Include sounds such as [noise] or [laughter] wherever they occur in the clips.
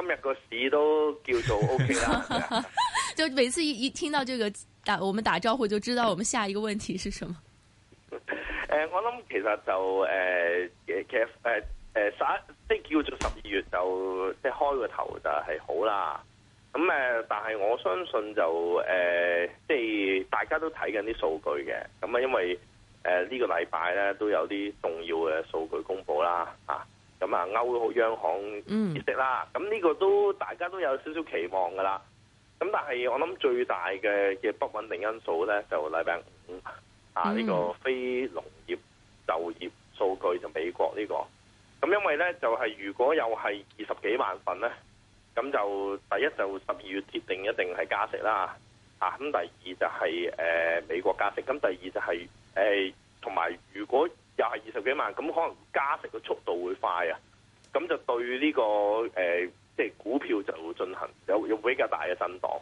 今日個市都叫做 OK 啦， [laughs] [laughs] 就每次一一聽到這個打我們打招呼，就知道我們下一個問題是什麼。誒、 [laughs] 呃，我諗其實就誒、呃，其誒誒，十一即係叫做十二月就即係開個頭就係好啦。咁、嗯、誒、呃，但係我相信就誒、呃，即係大家都睇緊啲數據嘅。咁啊，因為誒、呃這個、呢個禮拜咧都有啲重要嘅數據公布啦，啊。咁啊，歐好央行議息啦，咁、嗯、呢個都大家都有少少期望噶啦。咁但係我諗最大嘅嘅不穩定因素咧，就禮拜五、嗯、啊呢、這個非農業就業數據就美國呢、這個。咁因為咧就係、是、如果又係二十幾萬份咧，咁就第一就十二月決定一定係加息啦。啊咁，第二就係、是、誒、呃、美國加息，咁第二就係誒同埋如果。又係二十幾萬，咁可能加息嘅速度會快啊，咁就對呢、這個誒、呃，即係股票就會進行有有比較大嘅震盪。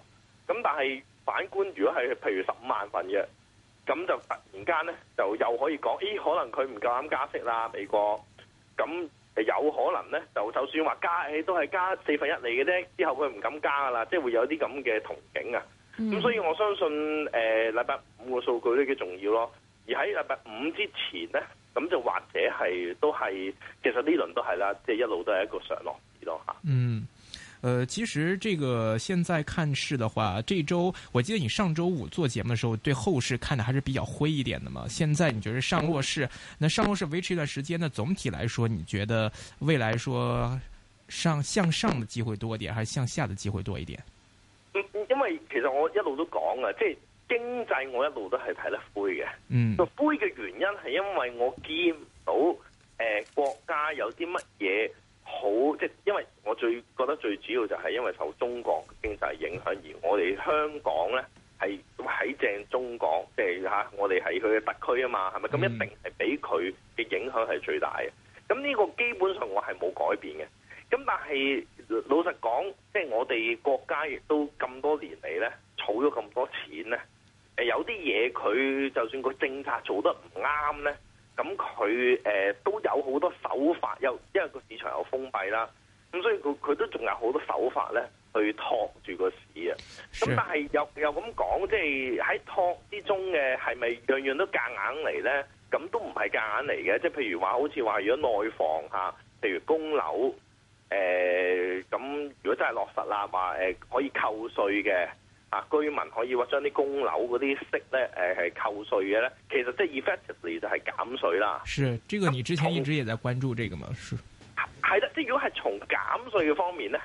咁但係反觀，如果係譬如十五萬份嘅，咁就突然間咧，就又可以講，咦、哎，可能佢唔夠膽加息啦，美國咁有可能咧，就就算話加，都係加四分一嚟嘅啫，之後佢唔敢加噶啦，即係會有啲咁嘅憧憬啊。咁、嗯、所以我相信誒禮拜五個數據都幾重要咯。而喺禮拜五之前咧。咁就或者係都係，其實呢輪都係啦，即係一路都係一個上落市咯吓。嗯，呃，其實這個現在看市的話，這周我記得你上周五做節目的時候，對後市看的還是比較灰一點的嘛。現在你覺得上落市？那上落市維持一段時間，呢總體來說，你覺得未來來說上，向上的機會多一點，還是向下的機會多一點？嗯，因為其實我一路都講啊，即係。經濟我一路都係睇得灰嘅、嗯，灰嘅原因係因為我見到誒、呃、國家有啲乜嘢好，即係因為我最覺得最主要就係因為受中國經濟影響，而我哋香港咧係喺正中國，即、就、係、是啊、我哋係佢嘅特區啊嘛，係咪咁一定係俾佢嘅影響係最大嘅？咁呢個基本上我係冇改變嘅。咁但係老實講，即係我哋國家亦都咁多年嚟咧，儲咗咁多錢咧。誒有啲嘢佢就算個政策做得唔啱咧，咁佢誒都有好多手法，又因為個市場有封閉啦，咁所以佢佢都仲有好多手法咧去托住個市啊。咁但係又又咁講，即係喺托之中嘅係咪樣樣都夾硬嚟咧？咁都唔係夾硬嚟嘅。即係譬如話，好似話如果內房下，譬如供樓咁、呃，如果真係落實啦，話誒可以扣稅嘅。啊！居民可以話將啲供樓嗰啲息咧，誒、呃、係扣稅嘅咧，其實即係 effectively 就係減稅啦。是，這個你之前一直也在關注這個嘛？是，係啦，即係如果係從減稅嘅方面咧，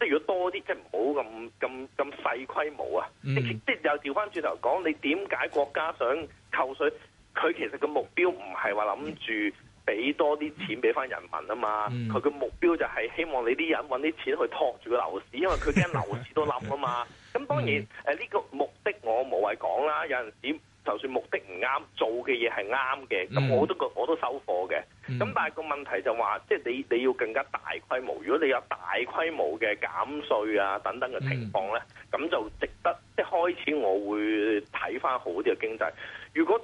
即係如果多啲，即係唔好咁咁咁細規模啊。即、嗯、係又調翻轉頭講，你點解國家想扣稅？佢其實個目標唔係話諗住。俾多啲錢俾翻人民啊嘛，佢、嗯、嘅目標就係希望你啲人搵啲錢去托住個樓市，因為佢驚樓市都冧啊嘛。咁、 [laughs] 嗯、當然呢個目的我無謂講啦。有陣時就算目的唔啱，做嘅嘢係啱嘅，咁我都覺我都收貨嘅。咁、嗯、但係個問題就話，即、就、係、是、你你要更加大規模。如果你有大規模嘅減稅啊等等嘅情況咧，咁、嗯、就值得即係開始我會睇翻好啲嘅經濟。如果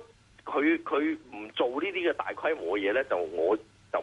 佢佢唔做呢啲嘅大規模嘅嘢咧，就我就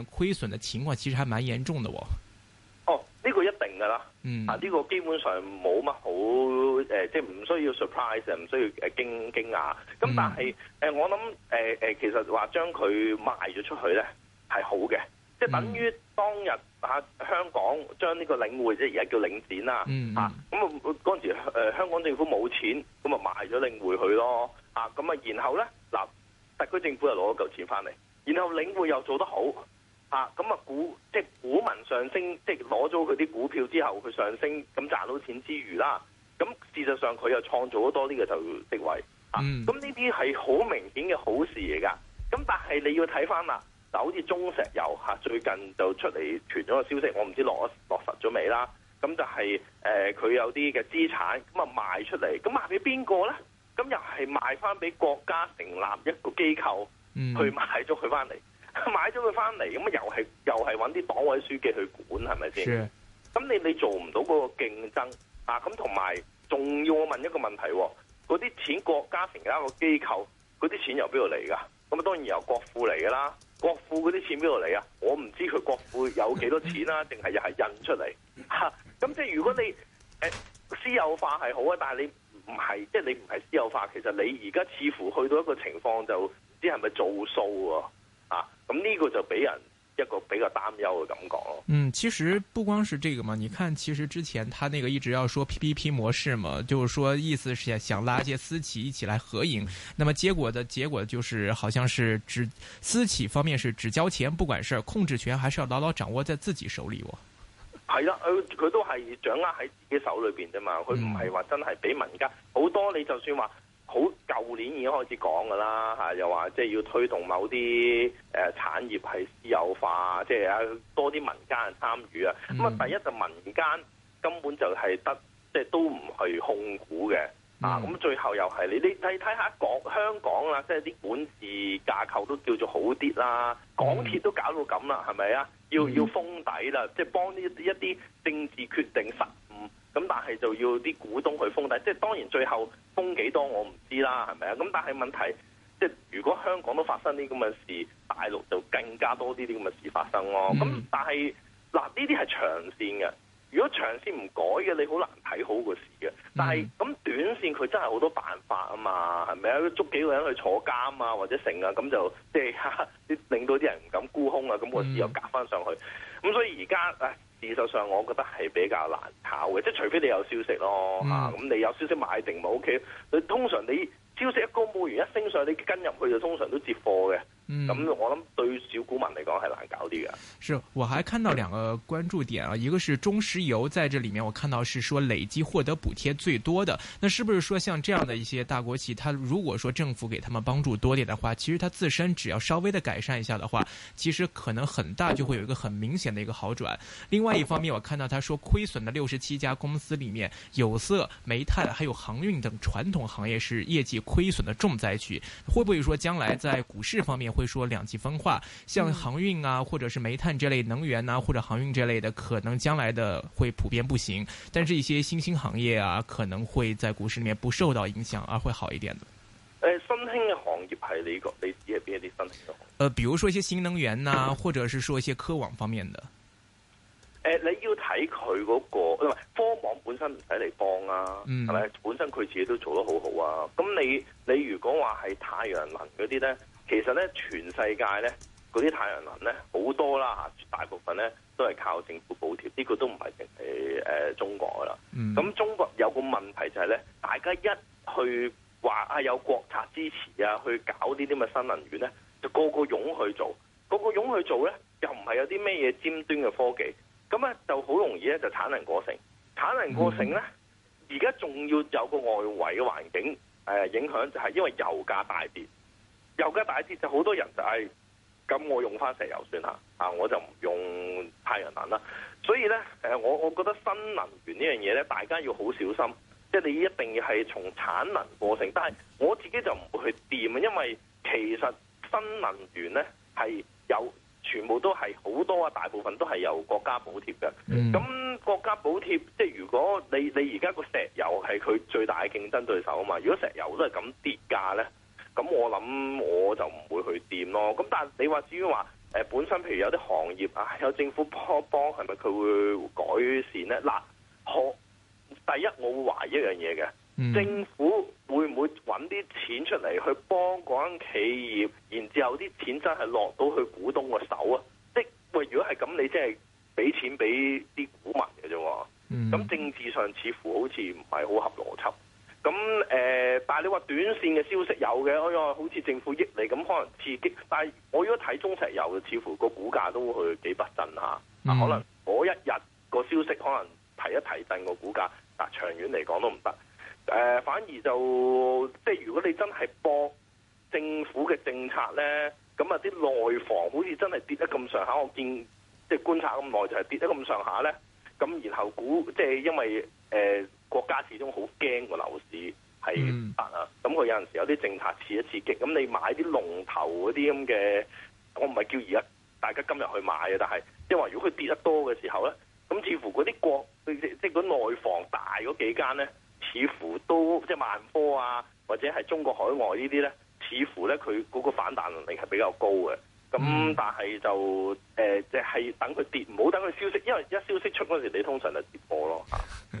虧損的情況其實還蠻嚴重的，哦，呢、這個一定噶啦，嗯啊，呢、這個基本上冇乜好，誒、呃，即係唔需要 surprise，唔需要誒驚驚訝，咁、嗯嗯、但係誒、呃、我諗誒誒，其實話將佢賣咗出去咧係好嘅，即係等於當日、嗯啊、香港將呢個領匯即係而家叫領展啦、啊，咁嗰陣時誒、呃、香港政府冇錢，咁咪賣咗領匯去咯，咁啊然後咧嗱特區政府又攞咗嚿錢翻嚟，然後領匯又做得好。啊，咁啊股即係、就是、股民上升，即係攞咗佢啲股票之後，佢上升咁賺到錢之餘啦，咁事實上佢又創造咗多啲嘅就職位啊，咁呢啲係好明顯嘅好事嚟噶。咁但係你要睇翻啦，嗱，好似中石油吓、啊，最近就出嚟傳咗個消息，我唔知落落實咗未啦。咁就係、是、誒，佢、呃、有啲嘅資產咁啊賣出嚟，咁賣俾邊個咧？咁又係賣翻俾國家成立一個機構去買咗佢翻嚟。嗯他買咗佢翻嚟，咁啊又係又係揾啲黨委書記去管，係咪先？咁、sure. 你你做唔到嗰個競爭啊？咁同埋仲要我問一個問題：，嗰啲錢國家成一個機構，嗰啲錢由邊度嚟噶？咁 [laughs] 啊，當然由國庫嚟噶啦。國庫嗰啲錢邊度嚟啊？我唔知佢國庫有幾多錢啦，定係又係印出嚟？咁即係如果你誒、呃、私有化係好啊，但係你唔係，即係你唔係私有化，其實你而家似乎去到一個情況，就唔知係咪做數啊？啊！咁、這、呢個就俾人一個比較擔憂嘅感覺咯。嗯，其實不光是這個嘛，你看，其實之前他那個一直要說 PPP 模式嘛，就是說意思是想拉一些私企一起來合營。那麼結果的結果就是，好像是只私企方面是只交錢不管事，控制權還是要牢牢掌握在自己手裏。我係啦，佢、呃、佢都係掌握喺自己手裏邊啫嘛，佢唔係話真係俾民間好多，你就算話。好，舊年已經開始講噶啦，嚇、啊，又話即係要推動某啲誒、呃、產業係私有化，即係啊多啲民間人參與啊。咁、嗯、啊，第一就民間根本就係得，即係都唔係控股嘅、嗯、啊。咁最後又係你，你睇睇下港香港啦，即係啲管治架構都叫做好啲啦。港鐵都搞到咁啦，係咪啊？要、嗯、要封底啦，即係幫呢啲一啲政治決定實。咁但係就要啲股東去封底，即係當然最後封幾多我唔知啦，係咪啊？咁但係問題，即係如果香港都發生啲咁嘅事，大陸就更加多啲啲咁嘅事發生咯、喔。咁、嗯、但係嗱呢啲係長線嘅，如果長線唔改嘅，你好難睇好個市嘅。但係咁、嗯、短線佢真係好多辦法啊嘛，係咪啊？捉幾個人去坐監啊，或者成啊，咁就即係令到啲人唔敢沽空啊，咁、那個市又夾翻上去。咁、嗯、所以而家誒。事實上，我覺得係比較難炒嘅，即係除非你有消息咯咁、mm-hmm. 啊、你有消息買定冇 K，佢通常你消息一公布完，一升上，你跟入去就通常都接貨嘅。嗯，咁我諗對於小股民嚟講係難搞啲嘅。是我還看到兩個關注點啊，一個是中石油在這裏面，我看到是說累積獲得補貼最多的。那是不是說像這樣的一些大國企，它如果說政府給他們幫助多點的話，其實它自身只要稍微的改善一下的話，其實可能很大就會有一個很明顯的一個好轉。另外一方面，我看到他說虧損的六十七家公司裏面，有色、煤炭還有航運等傳統行業是業績虧損的重災區。會不會說將來在股市方面會？會說兩極分化，像航運啊，或者是煤炭這類能源啊，或者航運這類的，可能將來的會普遍不行。但是一些新興行業啊，可能會在股市裏面不受到影響而會好一點的。呃、新興行業，係你覺、這個、你指係邊一啲新興嘅？呃，比如說一些新能源啊，或者是說一些科網方面的。呃、你要睇佢嗰個，科網本身唔使嚟幫啊，嗯、係咪？本身佢自己都做得好好啊。咁你你如果話係太陽能嗰啲咧？其實咧，全世界咧嗰啲太陽能咧好多啦嚇，大部分咧都係靠政府補貼，呢、這個都唔係淨係誒中國噶啦。咁、嗯、中國有個問題就係咧，大家一去話啊有國策支持啊，去搞呢啲咁嘅新能源咧，就個個湧去做，個個湧去做咧，又唔係有啲咩嘢尖端嘅科技，咁啊就好容易咧就產能過剩，產能過剩咧，而家仲要有個外圍嘅環境誒、呃、影響，就係、是、因為油價大跌。油價大跌就好多人就係咁，我用翻石油算啦，我就唔用太陽能啦。所以咧，誒我我覺得新能源呢樣嘢咧，大家要好小心，即係你一定要係從產能過剩。但係我自己就唔會去掂啊，因為其實新能源咧係有全部都係好多啊，大部分都係有國家補貼嘅。咁、嗯、國家補貼即係如果你你而家個石油係佢最大嘅競爭對手啊嘛，如果石油都係咁跌價咧。咁我諗我就唔會去掂咯。咁但係你話至於話誒、呃、本身，譬如有啲行業啊，有政府幫幫，係咪佢會改善咧？嗱，第一，我會懷疑一樣嘢，嘅、嗯，政府會唔會揾啲錢出嚟，去幫嗰間企業，然之後啲錢真係落到去股東個手啊？即喂、呃，如果係咁，你即係俾錢俾啲股民嘅啫。咁、嗯、政治上似乎好似唔係好合邏輯。咁誒、呃，但係你話短線嘅消息有嘅，哎呀，好似政府益利咁，可能刺激。但係我如果睇中石油，似乎個股價都會去幾不振下、嗯、可能嗰一日個消息可能提一提振個股價，但、呃、長長遠嚟講都唔得。誒、呃，反而就即係如果你真係博政府嘅政策咧，咁啊啲內房好似真係跌得咁上下，我見即係觀察咁耐就係、是、跌得咁上下咧。咁然後股即係因為誒。呃國家始終好驚個樓市係唔得啊！咁佢、嗯、有陣時有啲政策刺一刺激，咁你買啲龍頭嗰啲咁嘅，我唔係叫而家大家今日去買啊！但係，因為如果佢跌得多嘅時候咧，咁似乎嗰啲國即係即係嗰內房大嗰幾間咧，似乎都即係萬科啊，或者係中國海外呢啲咧，似乎咧佢嗰個反彈能力係比較高嘅。咁、嗯、但係就誒，即、呃、係、就是、等佢跌，唔好等佢消息，因為一消息出嗰陣時，你通常就跌波咯嚇。 [laughs]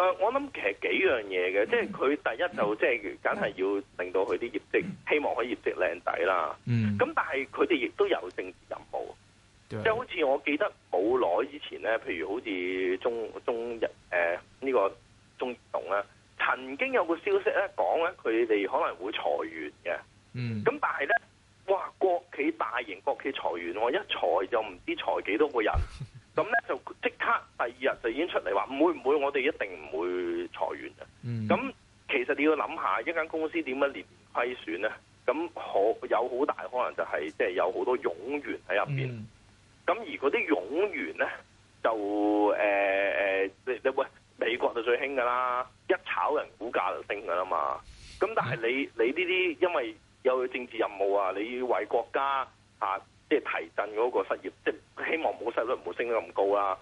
誒、呃，我諗其實幾樣嘢嘅，即係佢第一就即係，梗係要令到佢啲業績，希望可以業績靚仔啦。嗯，咁但係佢哋亦都有政治任務，即係好似我記得冇耐之前咧，譬如好似中中日誒呢，呃這個中移動咧，曾經有個消息咧講咧，佢哋可能會。咁、嗯、而嗰啲冗員咧就誒誒、呃呃，你，你喂，美國就最興噶啦，一炒人股價就升噶啦嘛。咁但係你你呢啲因為有政治任務啊，你要為國家、啊、即係提振嗰個失業，即係希望冇失業率唔好升得咁高、啊、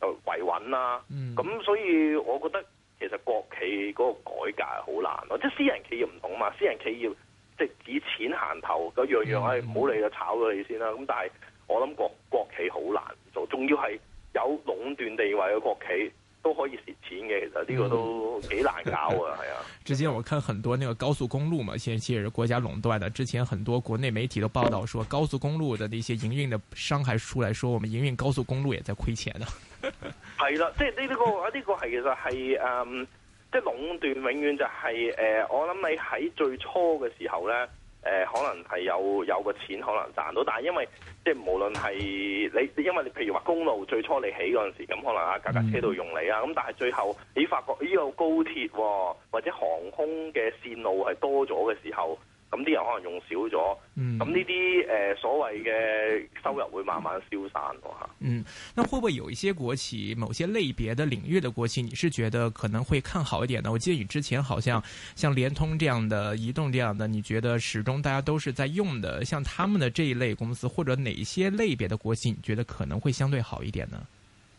維穩啦，就維穩啦。咁所以我覺得其實國企嗰個改革係好難、啊，即係私人企業唔同啊嘛。私人企業即係以錢行頭樣，咁樣樣係唔好理就炒咗你先啦、啊。咁但係我諗國國企好難做，仲要係有壟斷地位嘅國企都可以蝕錢嘅，其實呢個都幾難搞啊，係啊。之前我看很多那個高速公路嘛，先其實係國家壟斷的，之前很多國內媒體都報道說，高速公路的那些營運的商還出來說，我們營運高速公路也在虧錢啊。係 [laughs] 啦， [laughs] 即係呢呢個啊呢、這個係其實係誒，即係壟斷永遠就係、是、誒、呃，我諗你喺最初嘅時候咧。誒、呃、可能係有有個錢可能賺到，但係因為即係無論係你，因為你譬如話公路最初你起嗰陣時，咁可能啊架架車都用你啊，咁、嗯、但係最後你發覺呢個高鐵或者航空嘅線路係多咗嘅時候。咁啲人可能用少咗，咁呢啲誒所謂嘅收入會慢慢消散咯嚇。嗯，那會唔會有一些國企、某些類別的領域的國企，你是覺得可能會看好一點呢？我記得你之前好像像聯通這樣的、移動這樣的，你覺得始終大家都是在用的，像他們的這一類公司，或者哪一些類別的國企，你覺得可能會相對好一點呢？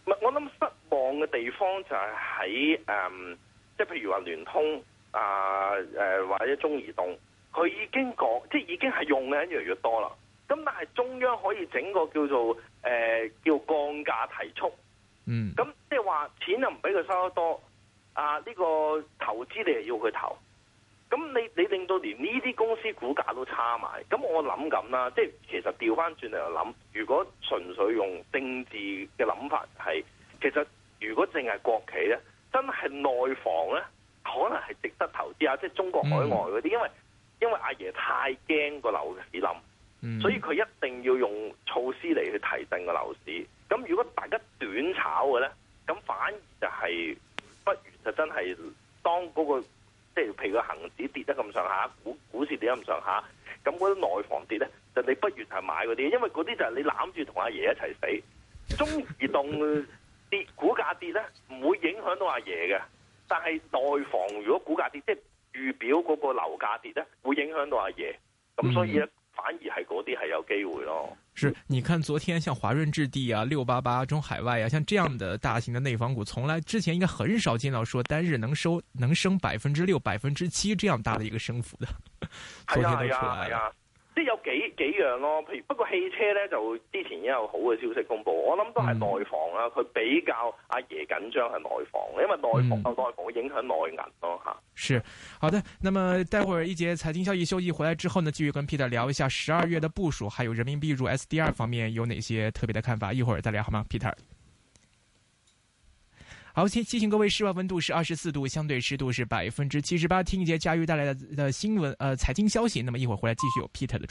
我諗失望嘅地方就係喺嗯，即、呃、係譬如話聯通啊，誒、呃呃、或者中移動。佢已經講，即係已經係用嘅人越嚟越多啦。咁但係中央可以整個叫做誒、呃、叫降價提速，嗯，咁即係話錢又唔俾佢收得多，啊呢個投資你又要佢投，咁你你令到連呢啲公司股價都差埋。咁我諗緊啦，即係其實調翻轉嚟又諗，如果純粹用政治嘅諗法係，其實如果淨係國企咧，真係內房咧，可能係值得投資啊！即係中國海外嗰啲、嗯，因為因為阿爺太驚個樓市冧，所以佢一定要用措施嚟去提振個樓市。咁如果大家短炒嘅咧，咁反而就係不如就真係當嗰個，即係，譬如個恒指跌得咁上下，股股市跌得咁上下，咁嗰啲內房跌咧，就你不如係買嗰啲，因為嗰啲就係你攬住同阿爺一齊死。中移動跌，股價跌咧，唔會影響到阿爺嘅，但係內房如果股價跌，即係。預表嗰個樓價跌咧，會影響到阿爺，咁所以咧，反而係嗰啲係有機會咯。是，你看昨天像華潤置地啊、六八八中海外啊，像這樣的大型嘅內房股，從來之前應該很少見到，說單日能收能升百分之六、百分之七這樣大的一個升幅的，昨天都出來啦。係啊，係啊，係啊。幾幾樣咯、哦，譬如不過汽車呢，就之前已經有好嘅消息公佈，我諗都係內房啊，佢、嗯、比較阿爺，爺緊張係內房，因為內房內房會影響內銀咯吓、嗯。是好的，那麼待會兒一節財經消息休息回來之後呢，繼續跟 Peter 聊一下十二月的部署，還有人民幣入 S D R 方面有哪些特別的看法？一會兒再聊好嗎？Peter，好，先提醒各位室外溫度是二十四度，相對濕度是百分之七十八。聽一節嘉裕帶來的新聞，呃，財經消息。那麼一會兒回來繼續有 Peter 的。